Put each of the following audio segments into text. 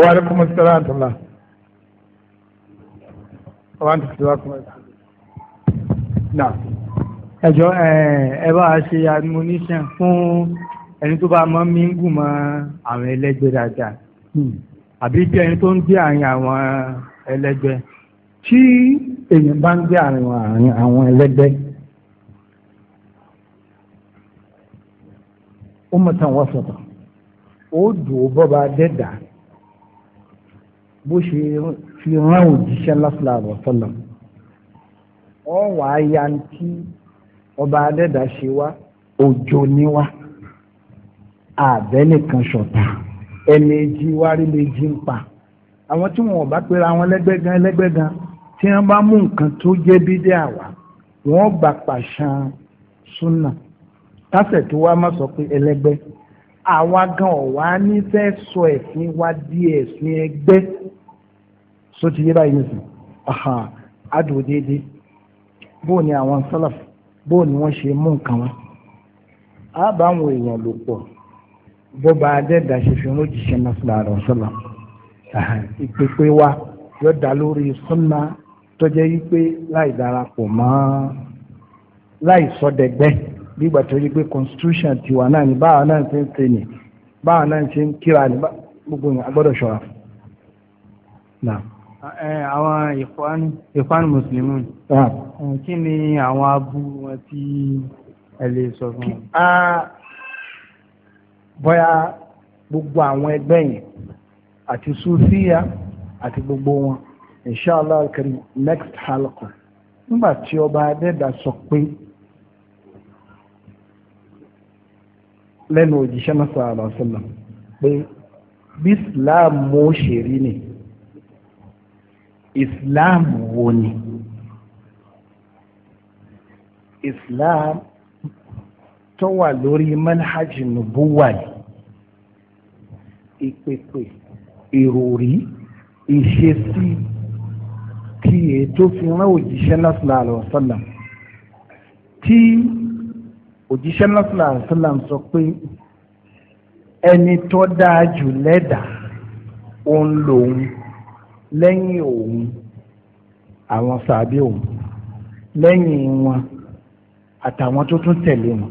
wa alaikum assalam tala wa n tẹsí wa kuma na ẹjọ ẹ ẹ bá a ṣe admonition fún ẹni tó bá mọ mí ń gùn mọ àwọn ẹlẹgbẹ́ dáadáa hmm. àbí bí ẹni tó ń gbé àárín àwọn ẹlẹgbẹ́ tí èèyàn bá ń gbé àárín àwọn ẹlẹgbẹ́ ó mọ̀ tán wọ́n sọ̀tàn ó dùn ó bọ́ bá dẹ́dàá bó ṣe fi rán òjíṣẹ́ lásìlá àbọ̀sọ́là wọ́n wà á ya tí ọba adẹ́dà ṣe wá òjò ni wá àbẹ́nìkan ṣọ̀tà ẹ̀mẹ́jì wárí méjì ń pa àwọn tí wọn ò bá pera wọn lẹ́gbẹ́ gan lẹ́gbẹ́ gan tí wọ́n bá mú nǹkan tó jẹ́ bídẹ́ àwa wọ́n gbà pàṣán súnà kásẹ̀ tó wá má sọ pé ẹlẹ́gbẹ́ àwa gan ọ̀wá ní fẹ́ sọ ẹ̀sìn wa di ẹ̀sìn ẹgbẹ́ so ti yé báyìí nìsín aha adùn déédéé bóò ni àwọn sálàf bóò ni wọ́n ṣe mú nǹkan wọn á bá àwọn um èèyàn lò pọ̀ bó ba adẹ́dà ṣe fi wọ́n jíṣẹ́ nasala àrùn sọ́la ìpèpè wa yóò dá lórí sunna tó jẹ́ wípé láì darapọ̀ mọ́ láì sọdẹ̀gbẹ́ gbígbà tó yí pé constitution tiwa náà ni báwa náà ti ń ṣe ni báwa náà ti ń kíra ni gbogbo yẹn gbọ́dọ̀ ṣọ́ra. Now àwọn ìfọ́nù mùsùlùmí kí ni àwọn abú wọn tí ẹ lè sọ fún wọn. bóyá gbogbo àwọn ẹgbẹ́ yẹn àti sufiya àti gbogbo wọn inshallah alkarim next halqa nígbà tí ọba adẹ́dà sọ pé lẹ́nu òjíṣẹ́ náà sallallahu alaihi wasallam pé bí islam ó ṣe rí nìyí islam wo ni islam tó wà lórí manhajì nubuwa ni ìpèpè ìròrí ìṣesí kí ètò fi rán òjíṣẹ́ sallallahu alaihi wasallam tí òjíṣẹ́ sallallahu alaihi sọ pé ẹni tó dáa jù lẹ́dà òun lòun lẹ́yìn òun àwọn sàbí òun lẹ́yìn wọn àtàwọn tó tún tẹ̀lé wọn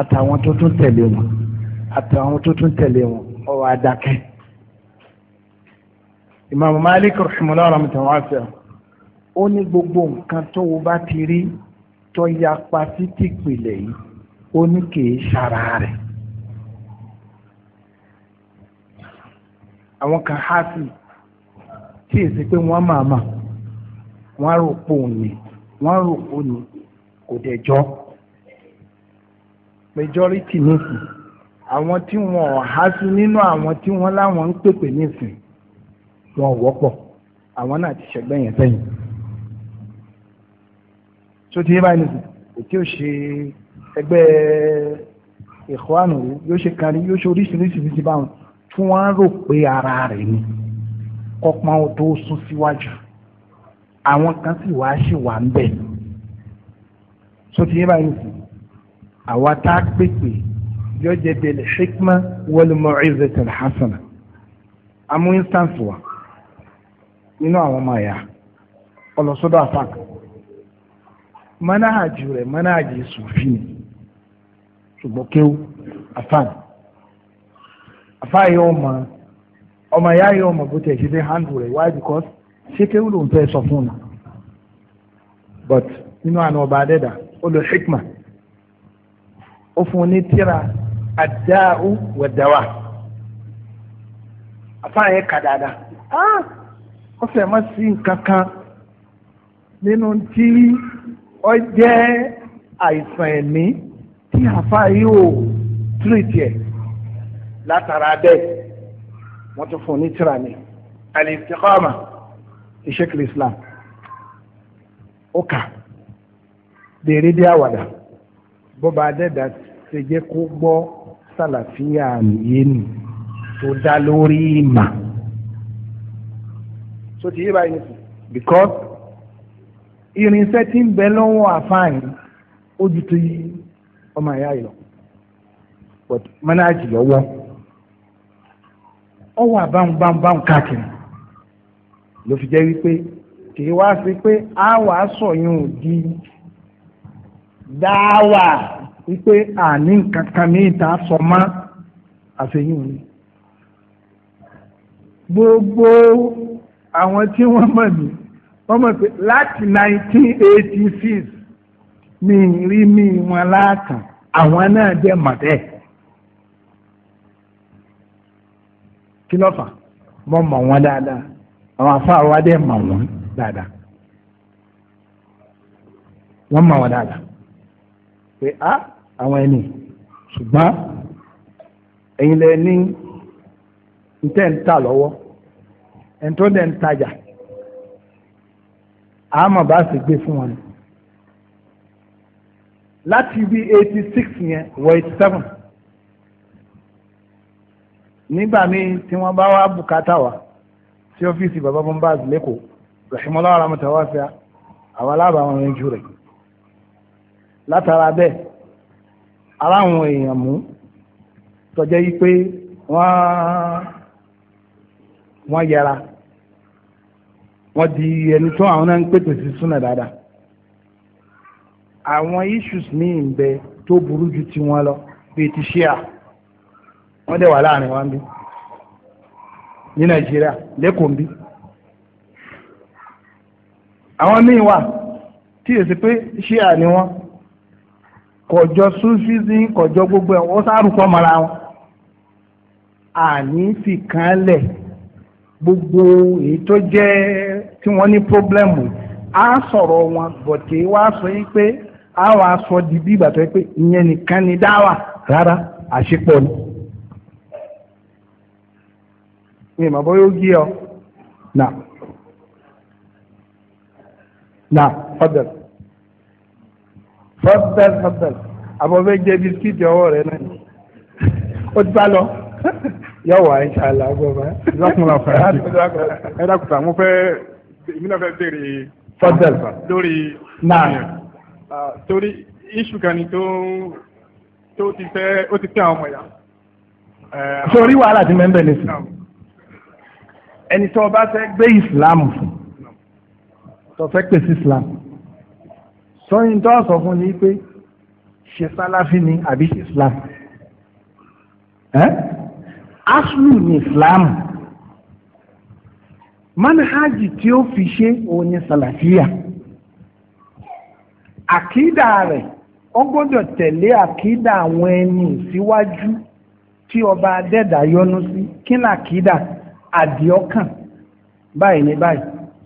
àtàwọn tó tún tẹ̀lé wọn àtàwọn tó tún tẹ̀lé wọn ó wá ìmàmù Malik rahimahullah rahmatulah wa sẹ́wọ̀n ó ní gbogbo nǹkan tó o bá ti rí tó yapa sí tìpìlẹ̀ yìí ó ní kì í ṣara rẹ̀. àwọn kan há sí i tí èsì pé wọ́n máa mà wọ́n rò pò ní wọ́n rò pò ní kò dẹ̀ jọ majority nìsín àwọn tí wọn ò há sí nínú àwọn tí wọn láwọn ń pèpè nìsín wọn ò wọ́pọ̀ àwọn náà ti ṣẹ̀gbẹ́ yẹn sẹ́yìn tó ti yé báyìí nìsín òkè ò ṣe ẹgbẹ́ ìkọ́ àná yóò ṣe kárí yóò ṣe oríṣiríṣi bíi ti báwọn tí wọ́n rò pé ara rẹ̀ ni kọ́pá wọn tó sún síwájú àwọn kan sì wá ṣì wà ń bẹ̀ sotiye báyìí sí àwa tá a pèpè yọjẹ bẹlẹ hikma wal mu'izatil hasana amú instance wa nínú àwọn ọmọ ẹ̀yà ọlọ́sọ́dọ̀ afak manahajú rẹ̀ manahajú sùfì ni ṣùgbọ́n kéwù afáàní afáàyè ọmọ ọmọ ìyá yìí ọmọ bó tẹ̀ ṣe handle rẹ̀ why because ṣé kéwù ló ń fẹ́ sọ fún un but nínú àná ọba adẹ́dà ó lo hikma ó fún un ní tíra àdáhù wẹ̀dáwà afáà yẹn kà dáadáa ó fẹ́ má sí nǹkan kan nínú tí ó jẹ́ àìsàn ẹ̀mí tí afáà yóò tírìtì ẹ̀ látara bẹ́ẹ̀ wọ́n tún fún ní tíra ni al-istiqama ìṣèkìlì islam ó kà dèrè bí àwàdà bọ́ba adẹ́dà ṣe jẹ́ kó gbọ́ sàlàfíà yé nì tó dá lórí ìmà tó ti yé báyìí nìkan because irinṣẹ́ tí ń bẹ lọ́wọ́ àfáàyàn ó ju ti ọmọ ìyá yìí lọ but mọ́nájì lọ́wọ́ ọ wà báńbáńbáń káàkiri ló fi jẹ́ wípé kì í wá sí pé a wà á sọ̀yún di dáwà wípé àní nǹkan kan ní ìta sọ mọ́ àṣeyìn òní gbogbo àwọn tí wọ́n mọ̀ mí wọ́n mọ̀ pé láti 1986 mi rí mi wọn láàkàn àwọn náà dẹ̀ mọ̀ bẹ́ẹ̀. kí ló fà mo mọ̀ wọ́n dáadáa àwọn afáà wa dẹ́ mọ̀ wọ́n dáadáa wọ́n mọ̀ wọ́n dáadáa pé á àwọn ẹni ṣùgbọ́n ẹ̀yin lẹ ní ntẹ́ ń ta lọ́wọ́ ẹ̀ ń tó dẹ̀ ń tajà àmọ̀ bá sì gbé fún wọn láti bí eighty six yẹn wọ eighty seven nígbà míì tí wọ́n bá wá bùkátà wa sí ọ́fíìsì bàbá bombaz lẹ́kọ̀ọ́ rahimola aramata wá sí àwọn aláàbà wọn rìn jù rẹ̀ látara bẹ́ẹ̀ aláwọn èèyàn mú tọ́jẹ́ yí pé wọ́n wọ́n yẹra wọ́n di ẹni tó àwọn náà ń pètè sí súnà dáadáa àwọn issues míì ń tó burú ju tiwọn lọ bíi ti ṣíà wọ́n dẹ̀ wà láàrin wa bí ní nàìjíríà lẹ́kọ̀ọ́ bí. àwọn míì wà tí èsì pé ṣíà ni wọ́n kọjọ sufism kọjọ gbogbo ẹ̀ wọ́n sárùkọ mọ́ra wọn. àní fìkanlẹ̀ gbogbo èyí tó jẹ́ tí wọ́n ní pọ́blẹ́mù á sọ̀rọ̀ wọn bọ̀tẹ́ wá sọ yí pé àwọn aṣọ di bí ìgbà tó yẹ pé ìyẹn nìkan ni dáwà rárá àṣepọ̀ ni. ní ìmọ̀ bóyá ó gí ọ nà nà fọdẹl fọdẹl fọdẹl àbọ̀ bẹ́ẹ̀ jẹ́ bisikíìtì ọwọ́ rẹ náà ó ti bá lọ yọ̀wọ̀ àìsàlà gbọ̀bá. ìdákùnrin ọ̀fẹ́ ẹ dákùnrin àwọn fẹ́ èmi náà fẹ́ béèrè fọdẹl lórí náà torí iṣu kan ni tó tó ti fẹ́ ó ti fẹ́ àwọn ọmọ yà. sori wàhálà ti mẹ́ńbẹ̀ nísìnyí. ẹni tó bá fẹ́ gbé islam fún tó fẹ́ pèsè islam sọyìn tó sọ fún ni pé ṣe sálàfí ni àbí ṣe islam aslu ni islam manhaji tí ó fi ṣe òun ni sàlàfíà àkídà rẹ ó gbọ́dọ̀ tẹ̀lé àkídà àwọn ẹni síwájú tí ọba adẹ́dà yọ́nú sí kí ni àkídà. àdìọ́kàn báyìí ní báyìí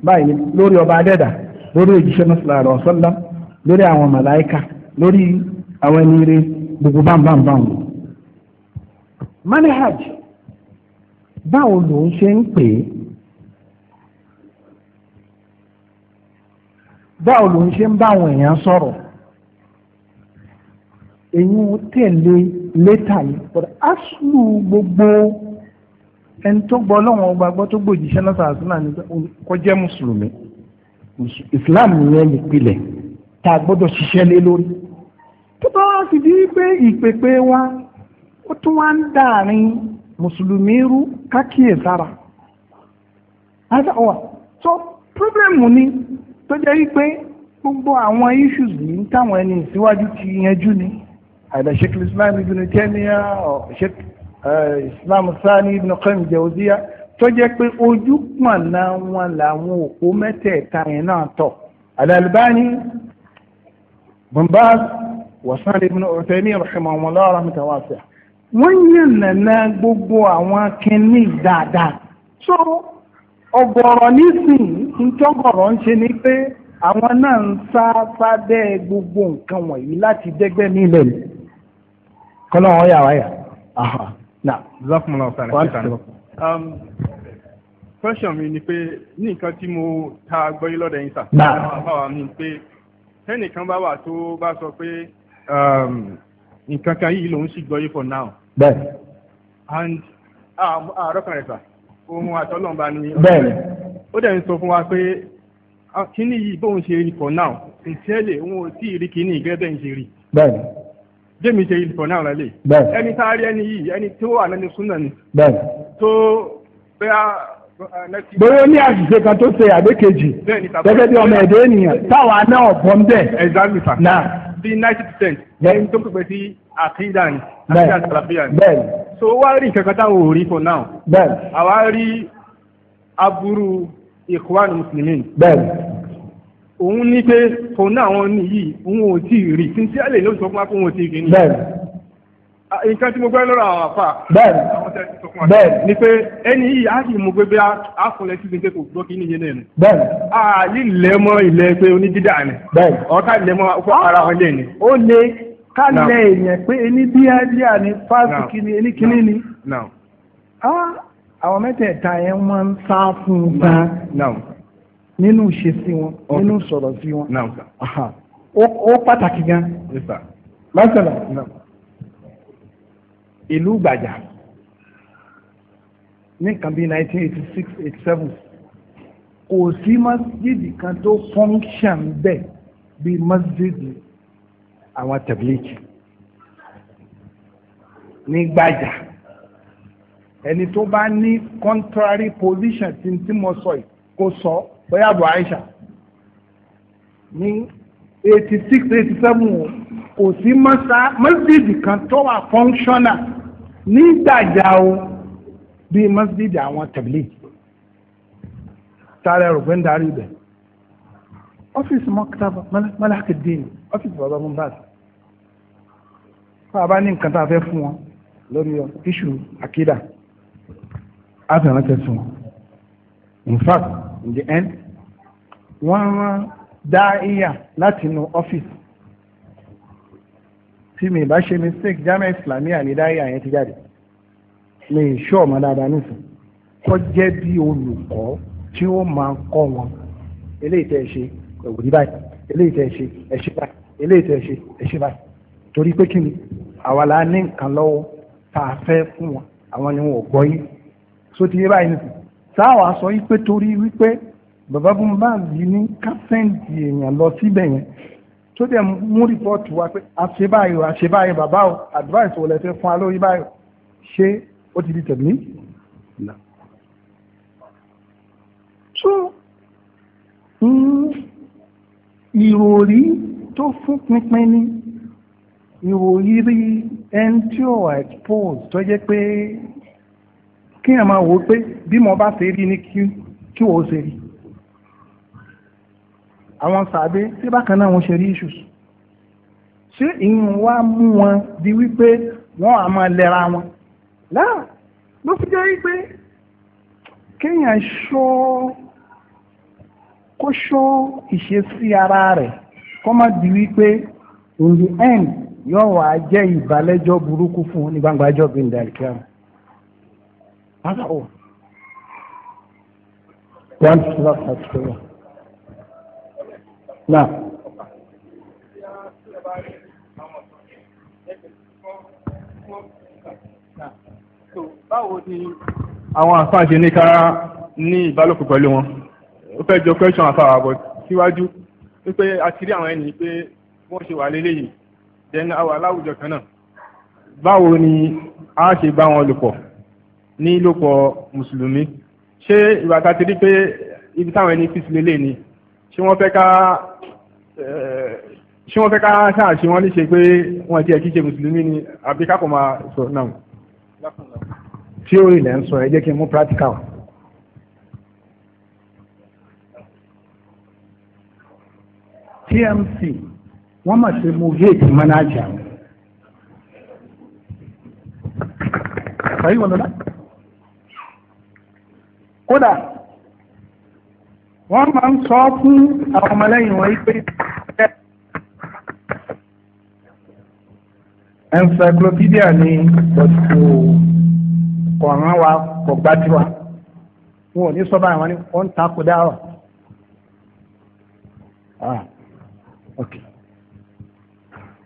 báyìí ní lórí ọba adẹ́dà lórí òjíṣẹ́ náà sallallahu lórí àwọn màláìka lórí àwọn ẹni rere gbogbo bámbámbám wò. báwo ló ń ṣe ń pè é báwo ló ń ṣe ń bá àwọn èèyàn sọ̀rọ̀ èyí tẹ̀lé létà gbogbo. ẹni tó gbọ́ ọlọ́wọ́n ọgbà gbọ́ tó gbòjìṣẹ́ náà sàásùnà ni kó mùsùlùmí islam yẹn nípìlẹ̀ tá a gbọ́dọ̀ ṣiṣẹ́ lé lórí tó bá wá sì di pé ìpèpè wa ó tún wá ń dàárín mùsùlùmí rú kákìyè sára so problem ni tó jẹ́ pé gbogbo àwọn issues yìí táwọn ẹni ìsíwájú ti yanjú ni àìdá sheikh islam ibn tẹ́míà sheikh Eh, Islam Sani Ibn Qayyim Jawziya tó jẹ́ pé ojú pọ̀nà wọn làwọn òpó mẹ́tẹ̀ẹ̀ta yẹn náà tọ̀ Al-Albani Bin Baz wa Sani Ibn Uthaymeen rahimahumullah rahmatan wasi'a wọ́n yàn nàna gbogbo àwọn kínní dáadáa so ọ̀gọ̀rọ̀ nísìnyí ntọ́gọ̀rọ̀ ń ṣe ni pé àwọn náà ń sá sábẹ́ gbogbo nǹkan wọ̀nyí láti dẹ́gbẹ́ nílẹ̀ kọ́lọ́ wọn yà wáyà. Now, um, question mi ni pé ní nǹkan tí mo ta gbọ́yé lọ́dọ̀ yín sà. báwa ni pé tẹ́nìkan bá wà tó bá sọ pé um, nǹkan kan yìí lòun sì gbọ́yé for now. bẹ́ẹ̀. and àárọ̀ kan rẹ̀ sà ohun àtọ́lọ́mba ni. bẹ́ẹ̀ni. ó dẹ̀ ń sọ fún wa pé kíní yìí bóun ṣe rí for now sincerely òun ò tí ì rí kíní gẹ́gẹ́ bẹ́ẹ̀ ń ṣe rí. bẹ́ẹ̀ni jẹ́mi ṣe ìfọ̀ náà rẹ̀ lè. bẹ́ẹ̀ ẹni tá a rí ẹni yìí ẹni tí ó wà lẹ́nu súnà ni. bẹ́ẹ̀ tó bẹ́ẹ̀ bóyá ní àṣìṣe kan tó ṣe àgbékejì gẹ́gẹ́ bí ọmọ ẹ̀dẹ́ ènìyàn táwa náà bọ́ ń bẹ̀. exactly sir. na bí ninety percent. ẹni tó pèpè sí àkídà ni àkídà bẹ́ẹ̀ so wá rí nǹkan kan táwọn ò rí for now. bẹ́ẹ̀ àwa rí aburú ikhwan muslimin. bẹ́ẹ̀ òun ní pé òun náà àwọn ní yìí òun ò tí ì rí sincerely ló sọ fún wa pé òun ò tí ì rí ni. bẹ́ẹ̀ni. nǹkan tí mo gbẹ́ lọ́rọ̀ àwọn àfà. bẹ́ẹ̀ni bẹ́ẹ̀ni. ni pé ẹni yìí á sì mú gbégbé àfọlẹ́ sí gbèsè kò gbọ́ kí ní ara wọn ó lè ká lẹ èèyàn pé ni fásitì nínú ṣe sí wọn nínú sọ̀rọ̀ sí wọn ó pàtàkì gan lọ́sọ̀rọ̀ ìlú gbàjà ní nǹkan bíi nineteen eighty six eighty seven kò sí masjid kan tó function bẹ́ẹ̀ bíi masjid àwọn tabiliki ní gbàjà ẹni tó bá ní contrary position tí mo sọ yìí kò sọ. So bóyá Abu Aisha, ní eighty six eighty seven o kò sí mọ́sídìí kan tó wà fọ́nṣọ́nà ní Ìgbàjà o bíi mọ́sídìí àwọn tẹ̀lé tààrà ẹ̀rọ pé ń darí ibẹ̀ ọ́fíìsì mọ́kítàbà mọ́lákìdín ọ́fíìsì bàbá Mohbad fún abá ní nǹkan tá a fẹ́ fún wọn lórí iṣu àkídà á fẹ́ràn tẹ̀sán in fact in the end wọ́n rán dáíyà láti inú ọ́fíìsì tí mi bá ṣe mistake jamia islamia ní dáíyà yẹn ti jáde mi ì ṣọ́ ọ̀mọ́ dáadáa nísìnyí kọ́ jẹ́ bí olùkọ́ tí ó máa kọ́ wọn eléyìí tẹ́ ẹ ṣe ẹ̀wò ní báyìí eléyìí tẹ́ ẹ ṣe ẹ ṣe báyìí eléyìí tẹ́ ẹ ṣe ẹ ṣe báyìí torí pé kí ni àwa la ní nǹkan lọ́wọ́ tá a fẹ́ fún wọn àwọn ni wọn ò gbọ́ yín só báyìí nìsín sáwà sọ wípé torí wípé bàbá bó máa yìí ní kásẹ̀ǹtì èèyàn lọ síbẹ̀ yẹn tó dẹ̀ mú rìpọ́ọ̀tù wa pé àṣẹ báyìí o àṣẹ báyìí bàbá o advice wò lẹ́sẹ̀ fún wa lórí báyìí ṣé ó ti di tẹ̀mí. tó ìròrí tó fún pinpin ní ìròrí ẹni tí ó wà expose tó jẹ́ pé kí ẹ máa wò pé bí mo bá ṣe rí ni kí wọ́n ṣe rí àwọn sàbẹ tí bákan náà wọ́n ṣe rí issues ṣé ìyẹn wá mú wọn di wípé wọ́n á máa lẹ́ra wọn láà ló fi jẹ́ wípé kéèyàn ṣó kó ṣó ìṣesí ara rẹ̀ kó má di wípé in the end yóò wá jẹ́ ìbálẹ́jọ́ burúkú fún ní gbangba ẹjọ́ bíi ndàlkíyàmù. هذا هو وأنت تلاحظ كذا نعم báwo ni àwọn àfáà ṣe ní ká ní ìbálòpọ̀ pẹ̀lú wọn ó fẹ́ jọ question àfáà àbọ̀ síwájú wípé a ti rí àwọn ẹni pé wọ́n ṣe wà lélẹ́yìn then àwọn aláwùjọ kan náà báwo ni a ṣe bá wọn lò ní ìlòpọ̀ mùsùlùmí ṣé ìwà ta ti rí pé ibi táwọn ẹni fi ni ṣé wọ́n fẹ́ ká eh, ṣé wọ́n fẹ́ ká ṣáà ṣe wọ́n léṣe pé wọ́n ti ẹ̀ kí ṣe mùsùlùmí ni àbí ká kò máa sọ náà. theory lẹ́ ń sọ ẹ jẹ́ kí n mú practical. TMC wọ́n mà ṣe mú hate manager. Sàyí wọn lọ́la kódà wọ́n máa ń sọ fún àwọn ọmọlẹ́yìn wọn pé encyclopedia ni kò kọ̀ọ̀ràn wa kò gbájú wa wọn ò ní sọ báyìí wọn ni wọ́n ń ta kó dá wa. Ah, okay.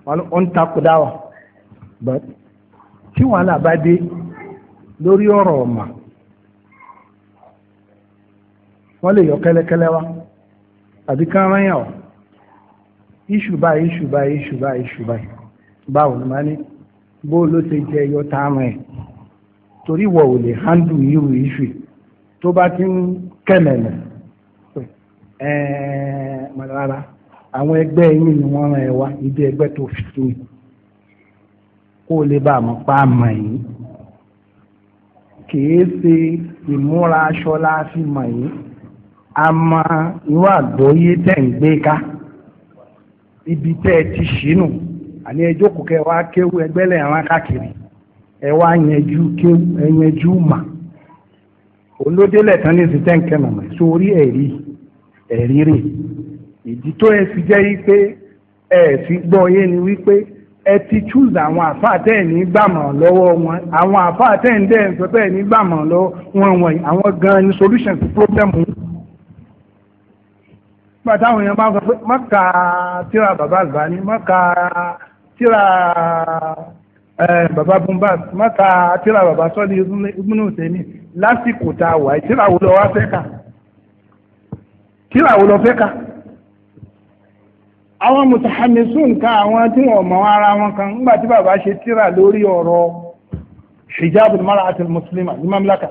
Wọ́n ń ta kó dá wa. But tí wàhálà bá dé lórí ọ̀rọ̀ ọ̀ma wọ́n lè yọ kẹ́lẹ́kẹ́lẹ́ wá àbí kán rán yàn ọ́ iṣu báyìí iṣu báyìí iṣu báyìí iṣu báyìí báwo ni màá ní bó ló ṣe jẹ ẹyọ tá a rán torí wọ ò lè handle irú iṣu tó bá ti ń kẹ̀mẹ̀lẹ̀ ẹ̀ẹ́ mọ̀lára àwọn ẹgbẹ́ yín ni wọ́n rán ẹ wá ibi ẹgbẹ́ tó fi sí mi kó lè bá a mọ̀ pa àmọ̀ yìí kì í ṣe ìmúra aṣọ la mọ̀ yìí ama mọ irú àgbọ́yé tẹ̀ ń gbé ká ibi tẹ́ ẹ ti ṣìnù àní ẹjọ́ kò kẹ́ wá kéwú ẹgbẹ́lẹ̀ ẹ̀rán káàkiri ẹ wá yẹnjú kéwú ẹ yẹnjú mà olódélẹ̀ tán ní ìsìtẹ́ nǹkan nàmà sórí ẹ̀rí ẹ̀rí rè ìdí tó ẹ fi jẹ́ wípé ẹ fi gbọ́ yé ni wípé ẹ ti choose àwọn àfáà tẹ́ ẹ̀ ní gbàmọ̀ lọ́wọ́ wọn àwọn àfáà tẹ́ ẹ̀ ń dẹ́ ẹ̀ ní gbàmọ̀ lọ́wọ́ wọn wọ̀nyí àwọn gan ni solution to problem nígbà táwọn èèyàn bá sọ pé má ka tíra bàbá àgbáni má ka tíra bàbá bùnbà má ka tíra bàbá sọ́ọ́lì ìgbónú tèmi lásìkò tá a wà yìí tíra wo lọ wá fẹ́ tíra wo lọ fẹ́ àwọn àwọn tí wọn mọ ara wọn kan ńgbà tí bàbá ṣe tíra lórí ọ̀rọ̀ hijabul mar'atil muslima ní mamlaka.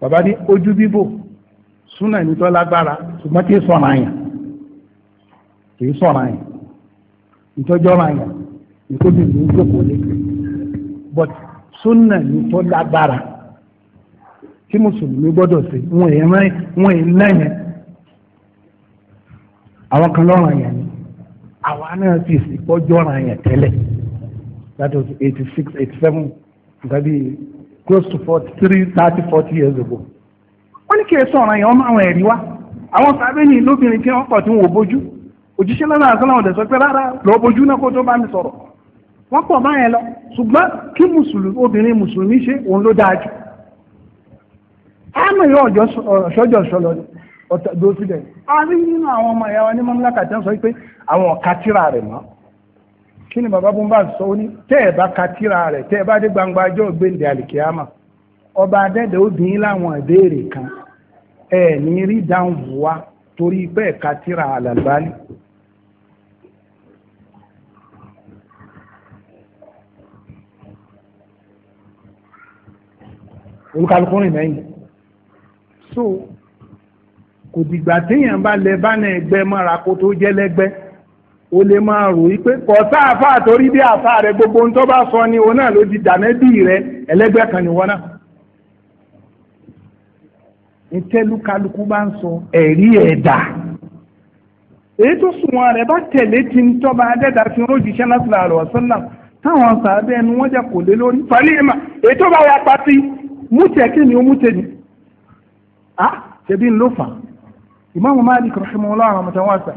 bàbá ní ojú bíbò súnà ní tó lágbára ṣùgbọ́n kì í sọ̀rọ̀ àyàn kì í sọ̀rọ̀ àyàn ìtọ́jọ́ àyàn ní kó bí lẹ́kẹ̀ẹ́ but súnà ní tó lágbára tí mùsùlùmí gbọ́dọ̀ sí wọn èè rán wọn èè lẹ́yìn àwọn kan lọ́rùn àyàn ni àwa náà ti sì pọ́jọ́ àyàn tẹ́lẹ̀ that was eighty six eighty seven nǹkan bíi close to forty three thirty forty years ago. wọ́n ní kí ẹ sọ̀rọ̀ yẹn ọmọ àwọn ẹ̀rí wa àwọn sábẹ́ ní lóbìnrin kí wọ́n pọ̀ tí wọ́n ò bójú òjíṣẹ́ lọ́nà àgbọ̀nà ọ̀dẹ̀ sọ pé rárá lọ́ọ́ bójú náà kó tó bá mi sọ̀rọ̀ wọ́n pọ̀ báyẹn lọ ṣùgbọ́n kí mùsùlùmí obìnrin mùsùlùmí ṣe òun ló dáa jù. àmọ́ ìyá ọ̀jọ́ ṣọ́jọ́ ṣọlọ ọ̀tọ̀ dó a rí nínú àwọn ọmọ ìyá wa ní mọ́mílákà tí wọ́n sọ pé àwọn ọ̀ka kí ni bàbá bó ń bá sọ ó ní tẹ́ ẹ̀ bá ka tíra rẹ̀ tẹ́ ẹ bá dé gbangba ọjọ́ gbẹ̀ǹdẹ̀ àlìkíyàmà ọba adẹ́dẹ́ obìnrin láwọn ìbéèrè kan ẹ̀ ní rí dáhùn torí pé ẹ̀ ka tíra àlàlùbáni. olùkàlùkù rìn lẹ́yìn so kò dìgbà téèyàn bá lẹ bá náà ẹgbẹ́ mọ́ra kó tó jẹ́ lẹ́gbẹ́. o lè máa rò yí pé kọ̀ọ̀tà àfa bí àfáà rẹ gbogbo ohun tó bá sọ ni òun náà ló di dàmẹ́bí rẹ ẹlẹ́gbẹ́ kan wọ́n náà. ìtẹ́lúkálukú bá ń sọ ẹ̀rí ẹ̀dà èyí tó sunwọ̀n rẹ̀ bá tẹ̀lé ti ń tọ́ba fi ọ̀sánná táwọn ẹnu wọ́n kò lé lórí. fàlẹ́ èyí tó bá wà mútẹ̀ kí ni ó mútẹ̀ ni. a ah,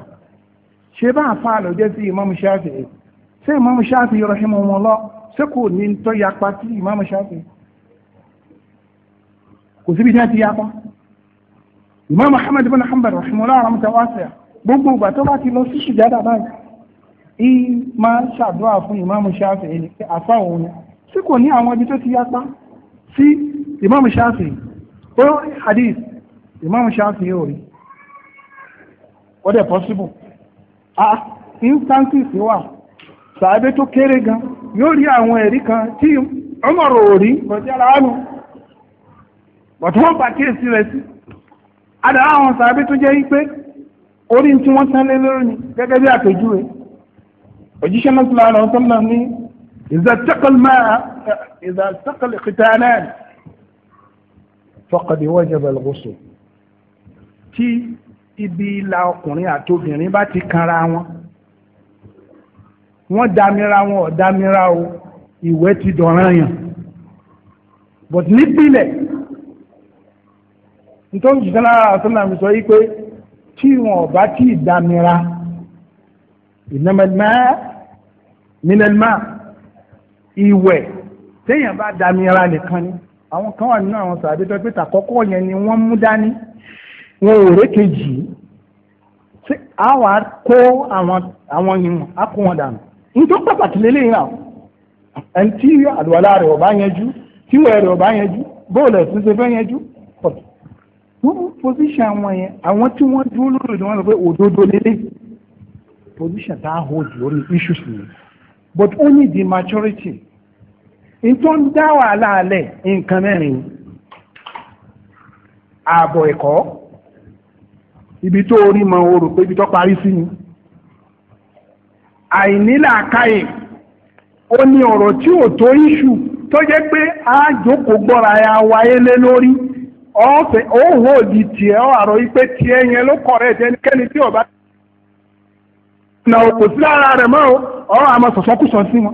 ṣé bá àfa àlọ́jẹ́ sí ìmáàmù Ṣáfi'í ṣé ìmáàmù Ṣáfi'í rahimahullah ṣé kò ní tọ́ yapa sí ìmáàmù Ṣáfi'í kò síbi jẹ́ ti yapa ìmáàmù Ahmad ibn Hanbal rahimahullah rahmatan wasi'a gbogbo ìgbà tó bá ti lọ sí sùjádà báyìí ìyí máa ṣàdúrà fún ìmáàmù Ṣáfi'í ni àfa òun ni ṣé kò ní àwọn ibi tó ti yapa sí ìmáàmù Ṣáfi'í ó hadith ìmáàmù Ṣáfi'í ò rí ó dẹ̀ possible ah instances wà sàábé tó kéré gan yóò rí àwọn ẹ̀rí kan tí ọmọ rò rí kọjá láàánú bọ̀tí wọ́n pa kéèsì rẹ̀ sí adàá àwọn sàábé tó jẹ́ pé orí tí wọ́n tán lé lórí ni gẹ́gẹ́ bí àpèjúwe òjíṣẹ́ náà sọ̀rọ̀ àwọn tó ń ní ìzàtẹ́kọ̀lì máa ìzàtẹ́kọ̀lì kìtàánà faqad wajaba al tí ibi ìlà ọkùnrin àti obìnrin bá ti kanra wọn wọ́n damira wọn ò damira o ìwé ti dọ̀ràn yàn but nípìnlẹ̀ nítorí jìtánná àtúnlá mi sọ yìí pé tí wọn ò bá tí ì damira ìnámẹ́lẹ́mẹ́ mílẹ́lẹ́mẹ́ ìwẹ̀ téèyàn bá damira nìkan ni àwọn kan wà nínú àwọn sàbẹ̀tọ́ pé tàkọ́kọ́ yẹn ni wọ́n mú dání wọn ò ré kejì ṣé àwa kó àwọn àwọn ìmọ̀ á kó wọn dànù nítorí pàtàkì lélẹ́yìn náà ẹni tí àlùwàlá rẹ̀ ọ̀bá yanjú tí wọ́n rẹ̀ ọ̀bá yanjú ṣe fẹ́ yanjú wọ́n position àwọn yẹn àwọn tí wọ́n dúró lórí ìdánwò lọ pé òdodo lélẹ́yìn position tá a hold lórí issues ni but only the maturity n tó ń dá wàhálà alẹ nǹkan mẹ́rin ààbọ̀ ẹ̀kọ́ ibi tó orí mọ ọ pé ibi tó parí sí ni àìnílàákàyè ó ní ọ̀rọ̀ tí ò tó iṣu tó pé a jókòó gbọ́ra ya wáyé lé lórí ọ̀fẹ́ òun ò di tiẹ̀ ọ̀ àrọ̀ pé tiẹ̀ yẹn ló tí ọba na kò sí lára rẹ̀ mọ́ o ọ̀rọ̀ àmọ́ sọ̀sọ́kùsọ sí wọn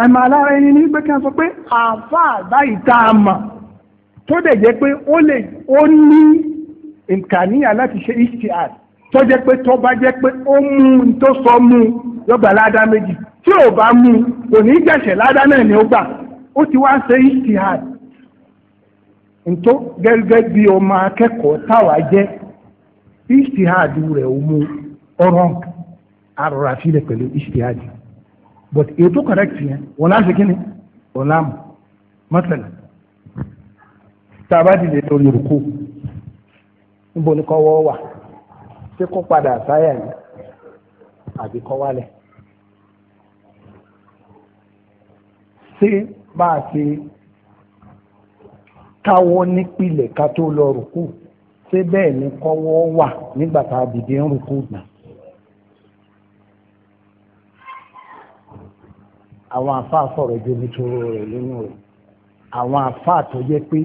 àmà alára ẹni ní pé kí wọ́n sọ pé àáfàá báyìí tá a mọ̀ tó dẹ̀ jẹ́ pé ó lè ó ní ìkànnìyà láti ṣe htr tó jẹ́ pé tó bá jẹ́ pé ó mú un tó sọ mú un yọgbà ládàá méjì tí ò bá mú un kò ní jẹ̀ṣẹ̀ ládàá náà ni ó gbà ó ti wá ṣe htr ntó gẹ́gẹ́ bí ọmọ akẹ́kọ̀ọ́ táwa jẹ́ htr rẹ̀ ò mú ọ̀rọ̀ àrọ̀ràfílẹ̀ pẹ̀lú htr but ètò correct yẹn wọn láti kí ni wọn láàmú mọ́tẹ́lẹ̀ tá a bá dìde lórí òkú níbo ni kọ́wọ́ wà ṣé kó padà sáyà ni àbí kọ́ ṣé bá a ṣe káwọ́ nípìnlẹ̀ ká tó lọ rùkú ṣé bẹ́ẹ̀ ni kọ́wọ́ wà nígbà tá a dìde ń rùkú náà. àwọn àfáà sọ̀rọ̀ ju omi tó rẹ̀ nínú rẹ̀ àwọn àfáà tó jẹ́ pé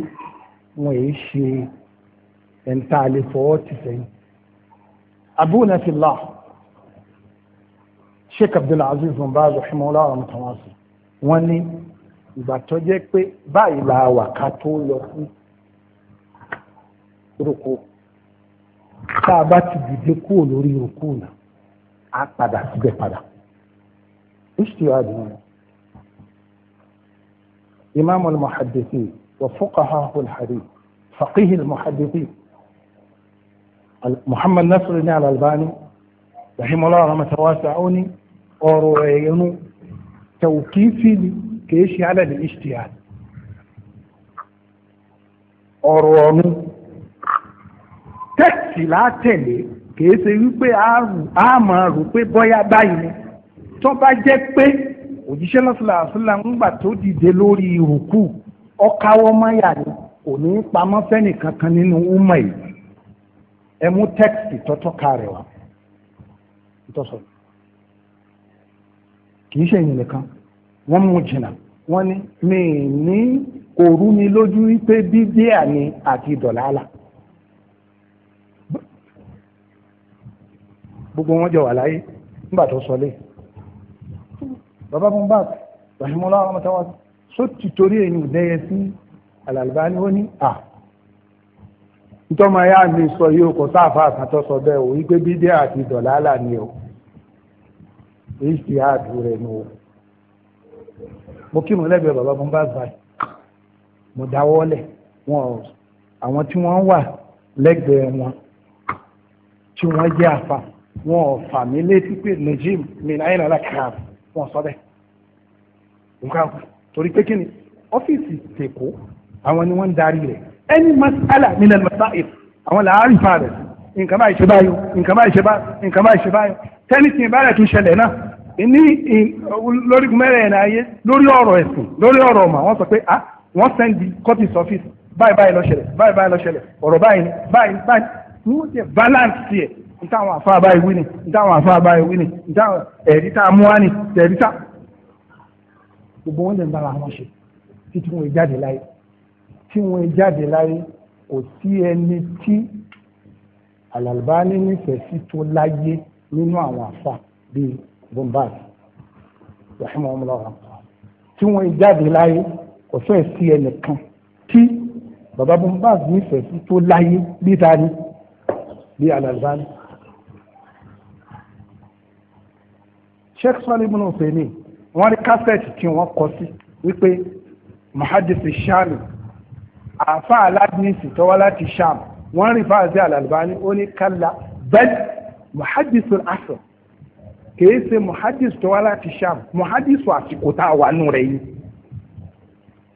wọn èyí ṣe ẹ̀ńtà lè fọwọ́ tì sẹ́yìn. abúlé fi là sheikh abdulaziz bin baz rahimahullah mutawasi wọn ní ìgbà tó jẹ́ pé báyìí la wà ká tó lọ fún rúkú tá a bá ti dìde kúrò lórí rúkú náà á padà síbẹ̀ padà. ìṣèwádìí wọn. إمام المحدثين وفقهاء الحديث فقيه المحدثين محمد نصر الألباني رحمه الله رحمة واسعوني أروعينه توقيفي كيشي على الاجتهاد ọ̀rọ̀ ọ̀run tẹ́ẹ̀tì látẹ̀lé kìí ṣe wípé a máa rò pé bọ́yá báyìí ni tó bá jẹ́ pé òjíṣẹ́ náà ń gbà tó dìde lórí rùkù ọ̀káwọ́ máyà ni kò ní í pamọ́ fẹ́nì kankan nínú úmọ̀ yìí ẹ mú tẹ́kìtì tọ́tọ́ka rẹ̀ wá kì í ṣe wọ́n mú jìnnà wọ́n ní mi ní mi lójú ni àti bàbá fún bá rahimola ọmọtawà só ti torí ẹ̀yìn ìdẹ́yẹ sí Al-Albani ó ní à ntọ́mọ ya mi sọ yìí o kò sáfà àtàtọ́ sọ bẹ́ẹ̀ o wípé bídé àti dọ̀làlà ni o èyí ti àdú rẹ̀ ni o mo kí mo lẹ́gbẹ̀ẹ́ bàbá fún bá báyìí mo dáwọ́lẹ̀ wọn ò àwọn tí wọ́n wà lẹ́gbẹ̀ẹ́ wọn tí wọ́n jẹ́ àfà wọn ò fà mí létí pé najim mi náírà lákàtà wọn sọ bẹ́ẹ̀ nǹkan torí pé kí ni ọ́fíìsì tèkó àwọn ni wọ́n ń darí rẹ̀ ẹni masala nílẹ̀ masáì àwọn làárín fa rẹ̀ nǹkan báyìí ṣe báyìí nǹkan báyìí ṣe báyìí nǹkan báyìí ṣe báyìí tẹ́nìtì ìbára tún ṣẹlẹ̀ náà ní lórí mẹ́rẹ̀ ẹ̀ náà lórí ọ̀rọ̀ ẹ̀sìn lórí ọ̀rọ̀ ọ̀mà wọ́n sọ pé ah wọ́n sẹ́ndì court office báyìí báyìí ló ṣẹlẹ̀ báyìí báyìí ló ṣẹlẹ̀ ọ̀rọ̀ báyìí báyìí báyìí wọ́n ti balance tiẹ̀ ntáwọn afa abáyé wí ni ntáwọn afa abáyé wí ni ntáwọn ẹ̀rí tá a mú wá ni ẹ̀rí tá. gbogbo wọn lè ń bára wọn ṣe títí wọn jáde láyé tí wọn jáde láyé kò sí ẹni tí Al-Albani nífẹ̀ẹ́ sí tó láyé nínú àwọn afa bíi bombaz rahimahumullah tí wọn jáde láyé kò fẹ́ sí ẹnìkan tí baba bombaz nífẹ̀ẹ́ sí tó láyé bí ta ni bí Al-Albani. sheikh salim ibn Uthaymin wọ́n rí kásẹ̀tì tí wọ́n kọ sí wípé muhadisi sham àfa aládìnísì tó wá láti sham wọ́n rí fáàzì al-Albani ó ní kálá bẹ́ẹ̀ muhadisi asr kìí ṣe muhadisi tó wá láti sham muhadisi àsìkò tá a wà nù rẹ̀ yìí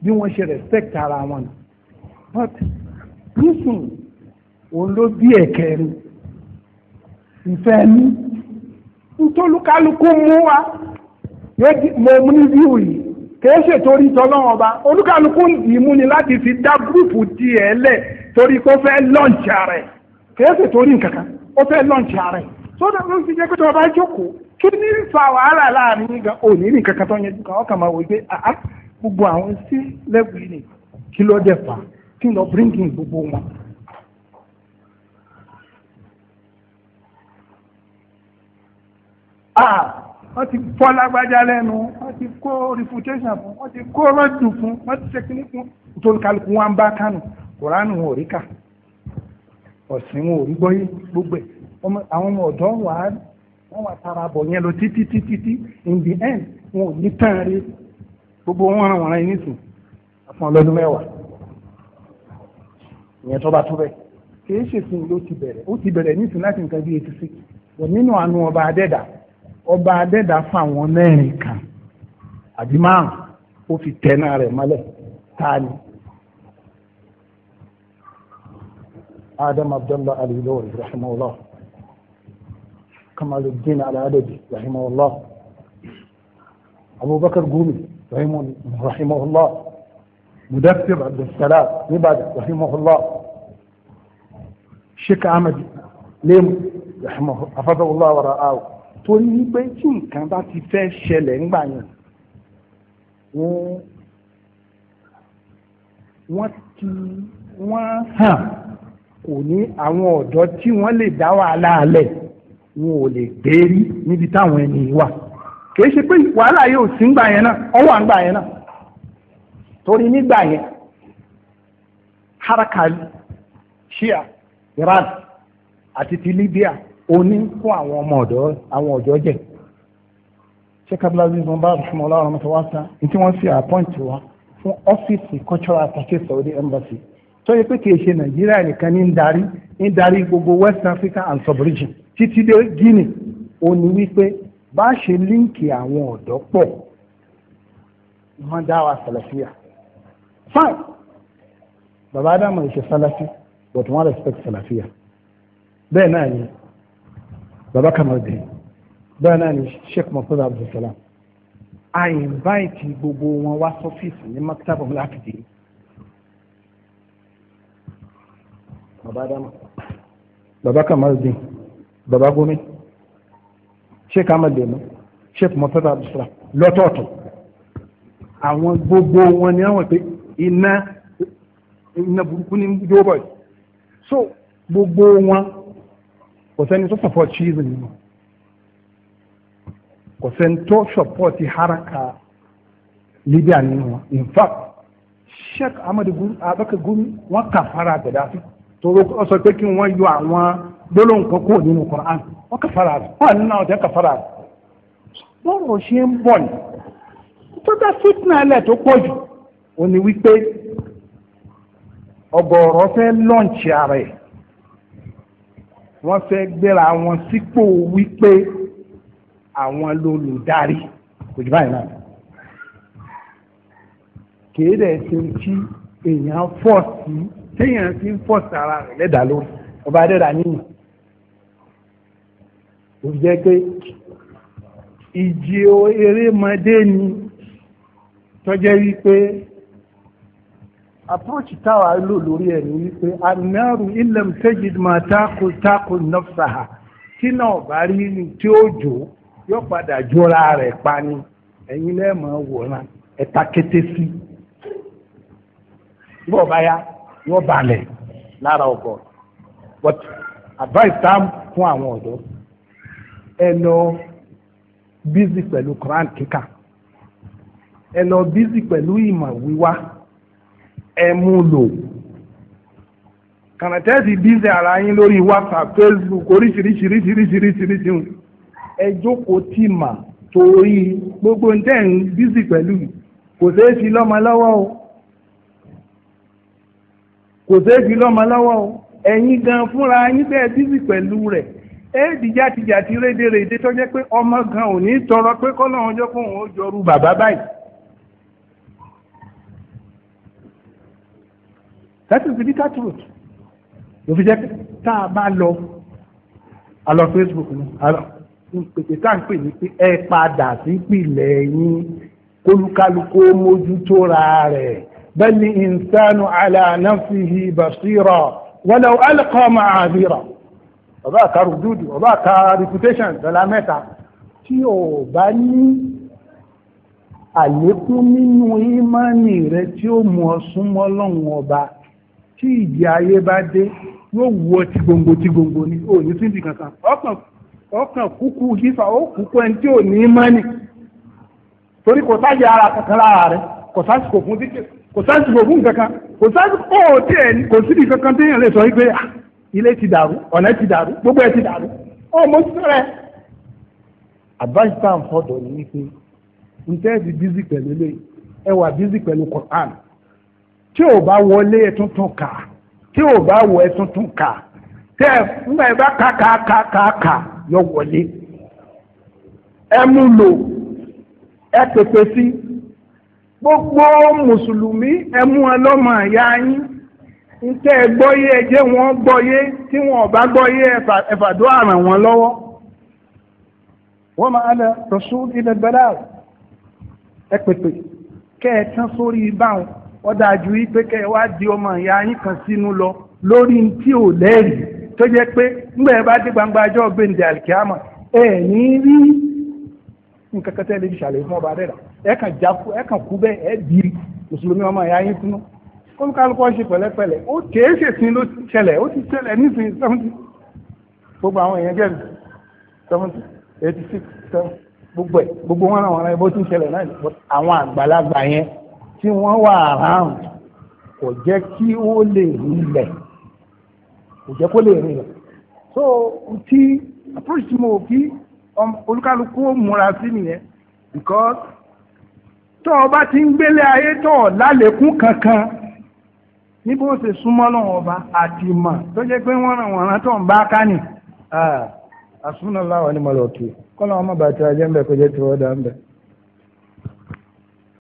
bí wọ́n ṣe respect ara wọn nù but prison òun ló bí ẹ̀kẹ́rin ìfẹ́ ní ntolukaluku mú wa mo mú ní fíwù yìí kìí ṣe torí tọ́lọ́wọ́n ọba olúkàlùkù ń dì í mú ni láti fi dá gúrùpù tiẹ̀ lẹ̀ torí kó fẹ́ lọ́ǹchì ààrẹ kìí ṣe torí nkankan ó fẹ́ lọ́ǹchì ààrẹ tó dà ló fi jẹ́ pé tọ́ba jókòó kí ní fa wàhálà láàrin yín gan òní ní kankan tó ń yẹjú kan ọkàn máa wò pé àá gbogbo àwọn sí lẹ́gbẹ̀ẹ́ ni kí ló dé fà kí ló bíríngì gbogbo wọn Ah, wọ́n ti fọ́ lágbájá lẹ́nu wọ́n ti kó reputation fún wọ́n ti kó rọ́jù fún wọ́n ti ṣèkínní fún nítorí kálukú wọn ń bá kánù kòránù wọn ò rí kà ọ̀sìn wọn ò rí gbọ́yé gbogbo ẹ̀ àwọn ọmọ ọ̀dọ́ wà á wọ́n wà tara bọ̀ yẹn lọ títí títí tí in the end wọn ò ní tán rí gbogbo wọn ràn wọ́n rán yín nísìn fún ọlọ́dún mẹ́wàá ìyẹn tó bá tó bẹ́ẹ̀ kì í ṣèsìn ló ti bẹ̀rẹ̀ ó ti bẹ̀rẹ̀ nísìn láti nǹkan bíi eighty six wọ́n nínú àánú ọba adẹ́dàá ọba adẹ́dá fáwọn mẹ́rin kan àbí márùn ó fi tẹ́ná rẹ̀ mọ́lẹ̀ ta ni. آدم عبد الله اليلوري رحمه الله كمال الدين العددي رحمه الله أبو بكر قومي رحمه الله مدثر عبد السلام عبادة رحمه الله شيخ أحمد ليم رحمه حفظه الله ورآه torí wípé tí nǹkan bá ti fẹ́ ṣẹlẹ̀ ńgbà yẹn wọ́n wọ́n ti wọ́n hàn kò ní àwọn ọ̀dọ́ tí wọ́n lè dá wàhálà alẹ̀ wọn ò lè gbé rí níbi táwọn ẹni wà kì í ṣe pé wàhálà yóò sí ńgbà yẹn náà ó wà ńgbà yẹn náà torí nígbà yẹn harakali shia iran àti ti libya oní fún àwọn ọmọ ọ̀dọ́ àwọn ọ̀dọ́ jẹ sheikh abdulaziz bin baz rahmanulah rahmatulahsa tí wọ́n fi àpọ́ǹtì wa fún ọ́fíìsì cultural attaché saudi embassy tó yẹ pé kìí ṣe nàìjíríà nìkan ní ń darí ń darí gbogbo west africa and sub-region títí dé guinea ó ní wípé bá a ṣe líǹkì àwọn ọ̀dọ́ pọ̀ wọ́n dá wa sàlàfíà fine bàbá adamu ìṣe sàlàfí but wọ́n respect sàlàfíà bẹ́ẹ̀ náà yẹn baba kamal kamarudin bẹ́ẹ̀ náà ni sheikh mahfuz abdulsalam a invite gbogbo wọn wá sọ́fíìsì ní maktaba lákìdí baba dama baba kamarudin baba gomi sheikh ahmed lemu sheikh mahfuz abdulsalam lọ́tọ̀ọ̀tọ̀ àwọn gbogbo wọn ni àwọn pé iná iná burúkú ni yóò bọ̀ so gbogbo wọn. kò sẹ́ni support ṣíìsì nínú support haraka Libya in fact Sheikh Amadu Abaka Gumi wọn kà fara Gaddafi toro ọ sọ pé kí wọ́n yọ àwọn gbólóhùn kan kúrò Quran fara rẹ̀ wọ́n nínú àwọn tẹ́ fara fitna ẹlẹ́ to pọ̀ jù wipe ní fe ọgọ́rọ̀ e wọ́n fẹ́ gbéra wọn sípò wípé àwọn lolùdarí kò jù báyìí náà kìí dẹ̀ ṣe tí èèyàn fọ̀ sí téèyàn fi ń fọ̀ sára rẹ̀ lẹ́dàá lórí ọba adẹ́dà níyàn ó jẹ́ pé ìjì erémọdé ni tọ́jẹ́ wípé approach táwa lò lórí ẹ̀ ní wípé anáàrù ilẹ̀ mùsẹ́jìd máa tako tako nọ́fṣàhà tí náà bá rí ni tí ó jò yóò padà jọra rẹ̀ pa ni ẹ̀yin lẹ́ẹ̀ máa wòran ẹ̀ta kété sí bọ́ọ̀ bá yá yóò balẹ̀ lára ọ̀bọ̀ but advice tá fún àwọn ọ̀dọ́ ẹ lọ bízì pẹ̀lú Quran kíkà ẹ lọ bízì pẹ̀lú ìmọ̀ wíwá. emulo. mú lò ara yín lórí whatsapp facebook oríṣiríṣiríṣiríṣiríṣiríṣi ẹ jókòó tì mà torí gbogbo ntẹ́ ń bíṣì pẹ̀lú kò ṣeé fi lọ́mọ lọ́wọ́ o kò fi lọ́mọ lọ́wọ́ o ẹ̀yin gan fúnra yín bẹ́ẹ̀ pẹ̀lú rẹ̀ tó jẹ́ pé ọmọ gan ò ní tọrọ pé kọ́nà ọjọ́ ó jọrú bàbá that is the bitter truth ló fi jẹ́ pé tá a bá lọ a lọ Facebook ni a lọ pèpè tá à ń pè ní pé ẹ padà sípìlẹ̀ yín kólúkálukó mójútó ra rẹ̀ bal insanu ala nafsihi basira walau alqa ọba àka rùdúdù ọba àka reputation dọ́là mẹ́ta tí o bá ní àlékún nínú ìmánì rẹ tí ó mú ọ súnmọ́ lọ́hùn ọba tí ìjì ayé bá dé yóò wọ ti gbòǹgbò ti gbòǹgbò ni ò ní síbi kankan ọkàn ọkàn kúkú yífa ó kúkú ẹni tí ò ní mọ́nì torí kò sáàyè ara kankan lára rẹ kò sásìkò fún díkẹ kò sásìkò fún kankan kò sásìkò ó tiẹ̀ kò síbi kankan téèyàn lè sọ wípé ah, ilé ti dàrú ọ̀nà ti dàrú gbogbo ẹ̀ ti dàrú ó mójútó rẹ. advice time fọdọ ni wípé n tẹ́ ẹ ti busy pẹ̀lú ilé ẹ wà pẹ̀lú Quran tí ò bá wọlé ẹtúntún kà tí ò bá wọ ẹtúntún kà tẹ nígbà yẹn bá kà kà kà kà kà yọ wọlé ẹ mú lò ẹ pèpè sí gbogbo mùsùlùmí ẹ mú ẹ lọ́mọ àyà yín ntẹ gbọ́yé ẹjẹ́ wọn gbọ́yé tí wọn ò bá gbọ́yé àràn wọn lọ́wọ́ wọ́n máa lọ rọ̀ṣún ilẹ̀ bẹ́lá ẹ pèpè kẹ́ ẹ tán sórí báwọn ó dájú wípé kẹ́ ẹ wá di ọmọ ìyá yín kan sínú lọ lórí tí ò lẹ́rìí tó jẹ́ pé ńgbà ẹ bá dé gbangba ọjọ́ gbèǹde àlìkíámà ẹ ní rí nǹkan kẹtẹ́ lè ṣàlẹ̀ fún ọba rẹ̀ rà ẹ kàn jáku ẹ kàn kú bẹ́ẹ̀ ẹ di mùsùlùmí ọmọ ìyá yín sínú kọ́ńkálùkọ́ ṣe pẹ̀lẹ́pẹ̀lẹ́ ó kèé ṣèṣin ló ṣẹlẹ̀ ó ti ṣẹlẹ̀ nísìnyí sẹ́wọ́ntì gbogbo àwọn èèyàn jẹ́ seventy eighty six seven gbogbo ẹ̀ gbogbo wọn àwọn ará ẹbí ó ti ń ṣẹlẹ̀ náà àwọn àgbàlagbà yẹn tí wọ́n wà ráhùn kò jẹ́ kí ó lè rinlẹ̀ kò jẹ́ kó lè rinlẹ̀ so ti approach tí mo fi um, olúkálukú múra sí nìyẹn because tó o bá ti ń gbélé ayé tó o lálẹ́kún kankan ní bó ṣe súnmọ́ lọ́wọ́ ọba àti ìmọ̀ tó jẹ́ pé wọ́n ràn wọ́n tó ń bá ká nì ah, àsúnà láwọn ni mo lọ kí kọ́ làwọn má bàtà ajẹ́ ń bẹ̀ kó jẹ́ tiwọ́ dá ń bẹ̀.